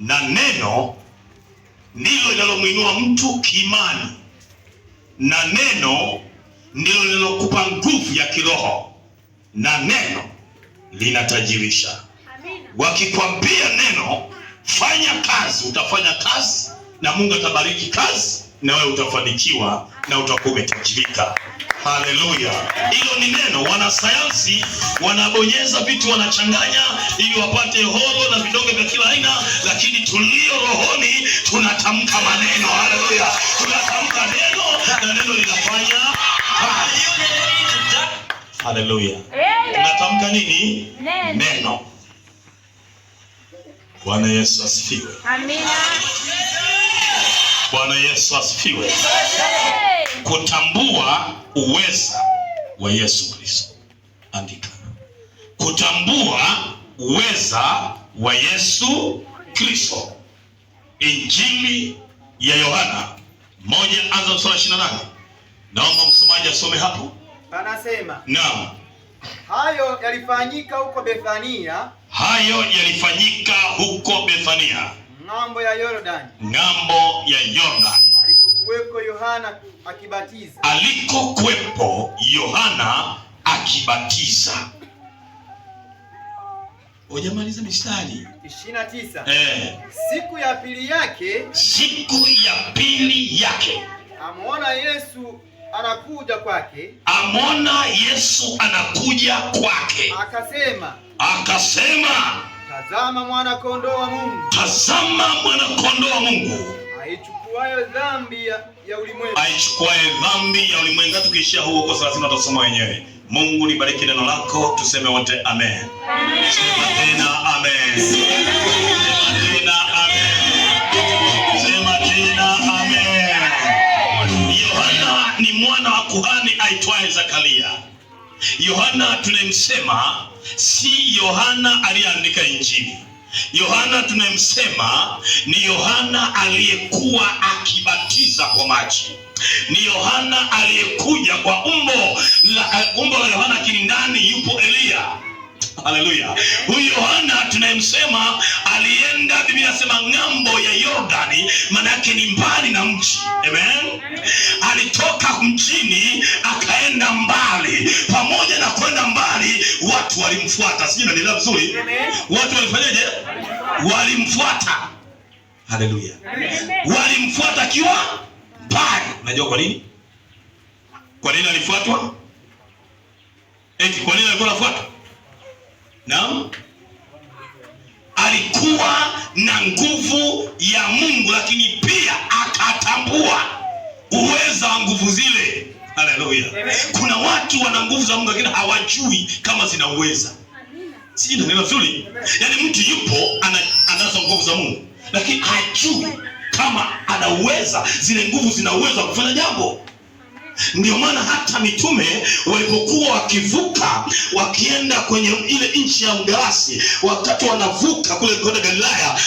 na neno ndilo linalomwinua mtu kiimani, na neno ndilo linalokupa nguvu ya kiroho, na neno linatajirisha. Wakikwambia neno, fanya kazi, utafanya kazi na Mungu atabariki kazi na wewe utafanikiwa na utakuwa umetajirika. Haleluya! Hilo ni neno. Wanasayansi wanabonyeza vitu, wanachanganya ili wapate horo na vidonge vya kila aina, lakini tulio rohoni tunatamka maneno. Haleluya! Tunatamka neno na neno linafanya Haleluya! Tunatamka nini? Neno. Bwana Yesu asifiwe. Amina. Yesu asifiwe. Kutambua uweza wa Yesu Kristo, andika kutambua uweza wa Yesu Kristo. Injili ya Yohana moja anza sura 28. Naomba msomaji asome hapo. anasema Naam. Hayo yalifanyika huko Bethania. Hayo yalifanyika huko Bethania ng'ambo ya Yordani, ng'ambo ya Yordani alikokuwepo Yohana akibatiza, alikokuwepo Yohana akibatiza. Hujamaliza mistari 29. Eh. Siku ya pili yake, siku ya pili yake amuona Yesu anakuja kwake, amuona Yesu anakuja kwake, akasema akasema Tazama mwana kondoo wa Mungu. Tazama mwana kondoo wa Mungu. Aichukuayo dhambi ya, ya ulimwengu. Aichukuaye dhambi ya ulimwengu. Tukiishia huko kwa sasa tutasoma wenyewe. Mungu nibariki neno lako, tuseme wote amen. Amen. tena amen. tena amen. Yohana ni mwana wa kuhani aitwaye Zakaria. Yohana tunayemsema si Yohana aliyeandika Injili. Yohana tunayemsema ni Yohana aliyekuwa akibatiza kwa maji, ni Yohana aliyekuja kwa umbo la umbo la Yohana kilindani, yupo Eliya Haleluya! Huyu Yohana tunayemsema alienda, Biblia inasema ng'ambo ya Yordani, maana yake ni mbali na mji. Amen. Alitoka mjini akaenda mbali, pamoja na kwenda mbali watu walimfuata. Sijui nanielewa vizuri? Watu walifanyaje? Walimfuata. Haleluya! Walimfuata akiwa mbali. Unajua kwa nini? Kwa nini alifuatwa? Eti kwa nini alikuwa anafuatwa? Naam, alikuwa na nguvu ya Mungu, lakini pia akatambua uweza wa nguvu zile. Haleluya! Kuna watu wana nguvu za Mungu lakini hawajui kama zina uweza. Sijui ndio nzuri. Yaani mtu yupo ana, anazo nguvu za Mungu lakini hajui kama anaweza zile nguvu zinaweza kufanya jambo. Ndio maana hata mitume walipokuwa wakivuka wakienda kwenye ile nchi ya Mgarasi, wakati wanavuka kule kwenda Galilaya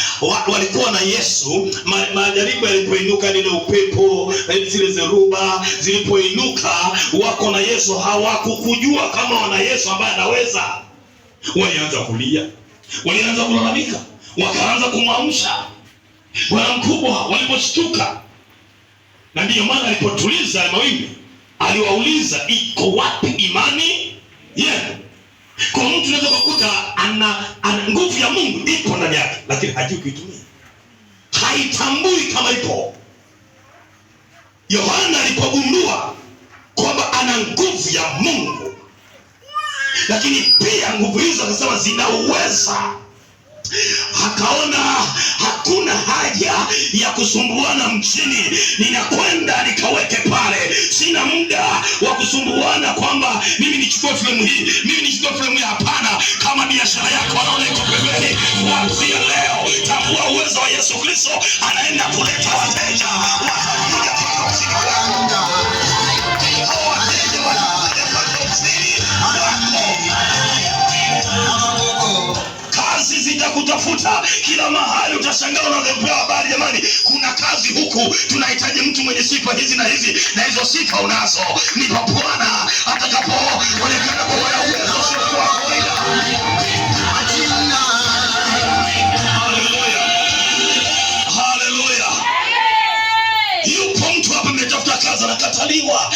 walikuwa na Yesu. Majaribu yalipoinuka, lile upepo, zile zeruba zilipoinuka, wako na Yesu. Hawakukujua kama wana Yesu ambaye anaweza. Walianza kulia, walianza kulalamika, wakaanza kumwamsha bwana mkubwa. Waliposhtuka na ndiyo maana alipotuliza mawimbi aliwauliza iko wapi imani yenu? Kwa mtu unaweza kukuta ana, ana nguvu ya Mungu ipo ndani yake, lakini hajui kuitumia, haitambui kama ipo. Yohana alipogundua kwamba ana nguvu ya Mungu, lakini pia nguvu hizo akasema zinauweza akaona hakuna haja ya kusumbuana mjini, ninakwenda nikaweke pale, sina muda wa kusumbuana kwamba mimi nichukue fremu hii, mimi nichukue fremu hii. Hapana, kama biashara yako anaona iko pembeni, kuanzia leo tambua uwezo wa Yesu Kristo, anaenda kuleta wateja watakuja kutafuta kila mahali, utashangaa unavyopewa habari. Jamani, kuna kazi huku, tunahitaji mtu mwenye sifa hizi na hizi, na hizo sifa unazo, ni Bwana atakapoonekana kwa uwezo usiokuwa kawaida. Yupo mtu hapa ametafuta kazi, anakataliwa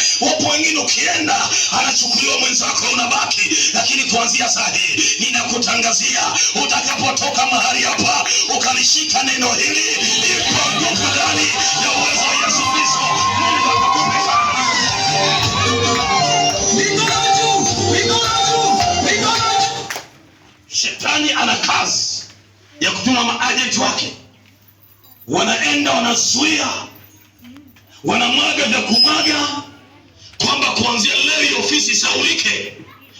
ukienda anachukuliwa mwenzako, unabaki. Lakini kuanzia sahi ninakutangazia, utakapotoka mahali hapa ukalishika neno hili, ipo nguvu ndani ya uwezo wa Yesu Kristo. Shetani ana kazi ya kutuma maajenti wake, wanaenda wanazuia, wanamwaga vya kumwaga kwamba kuanzia leo hii ofisi isaulike.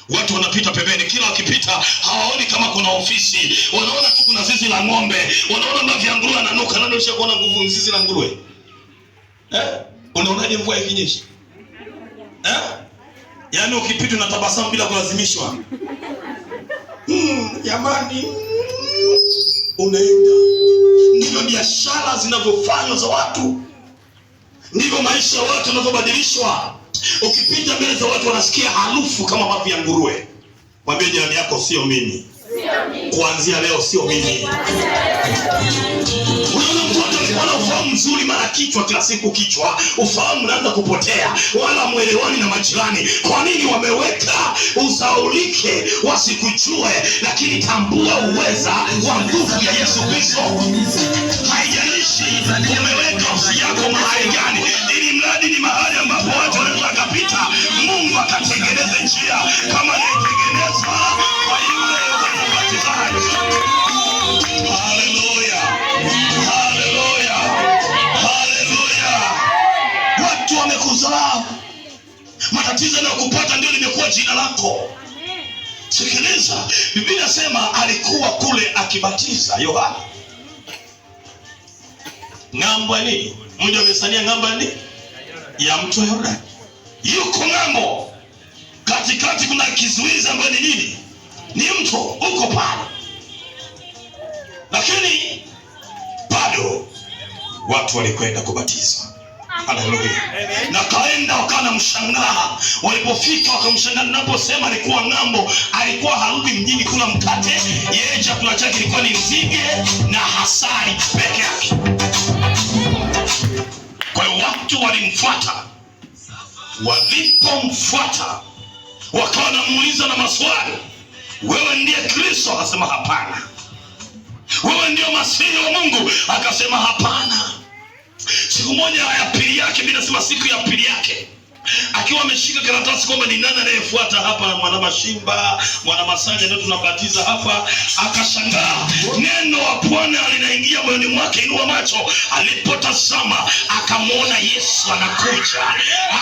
Watu wanapita pembeni, kila wakipita hawaoni kama kuna ofisi, wanaona tu kuna zizi la ng'ombe, wanaona mavi ya nguruwe ananuka. Nani ushia kuona nguvu zizi la nguruwe eh? Unaonaje mvua ikinyesha eh? Yaani ukipita na tabasamu bila kulazimishwa. Hmm, jamani, mm, mm, unaenda. Ndivyo biashara zinavyofanywa za watu, ndivyo maisha ya watu yanavyobadilishwa. Ukipita mbele za watu wanasikia harufu kama mavi ya nguruwe. Mwambie jirani yako, sio mimi. Kuanzia leo sio mimi. Unaona ufahamu mzuri, mara kichwa kila siku kichwa, ufahamu unaanza kupotea, wala mwelewani na majirani. Kwa nini wameweka usaulike, wasikujue? Lakini tambua uweza wa nguvu ya Yesu Kristo. Haijalishi umeweka ofisi yako mahali gani, ili mradi ni mahali ambapo atengeneze njia kama ilitengenezwa kwa yule mbatizaji. Haleluya, haleluya, haleluya! Watu wamekuzaa, matatizo yanayokupata ndio limekuwa jina lako. Sikiliza, Biblia inasema alikuwa kule akibatiza Yohana ng'ambo ya nini? Mji wa Bethania ng'ambo ya nini? Ya mto Yordani, yuko ng'ambo katikati kuna kizuizi ambayo ni nini? Ni mto uko pale, lakini bado watu walikwenda kubatizwa. Haleluya! Na kaenda mshangaa, walipofika wakamshangaa. Naposema alikuwa ng'ambo, alikuwa harudi mjini kula mkate. Yeye chakula chake ilikuwa ni nzige na hasari peke yake. Kwa hiyo watu walimfuata, walipomfuata wakawa namuuliza na maswali, wewe ndiye Kristo? Akasema hapana. Wewe ndio masihi wa Mungu? Akasema hapana. Siku moja ya pili yake, binasema siku ya pili yake akiwa ameshika karatasi kwamba ni nani anayefuata hapa, mwana Mashimba, mwana Masanja ndio tunabatiza hapa. Akashangaa neno wa Bwana linaingia moyoni mwake, inua macho, alipotazama akamwona Yesu anakuja,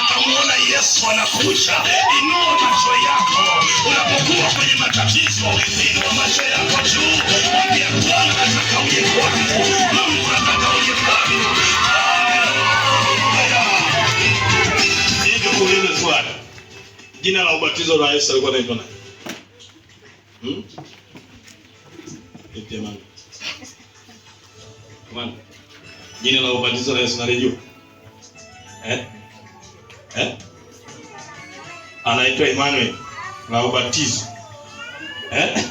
akamwona Yesu anakuja. Inua macho yako unapokuwa kwenye matatizo, inua macho yako batizo la Yesu alikuwa anaitwa nani? Hmm? Eti jamani. Jamani. Jina la ubatizo la Yesu nalijua. Eh? Eh? Anaitwa Emmanuel na ubatizo. Eh?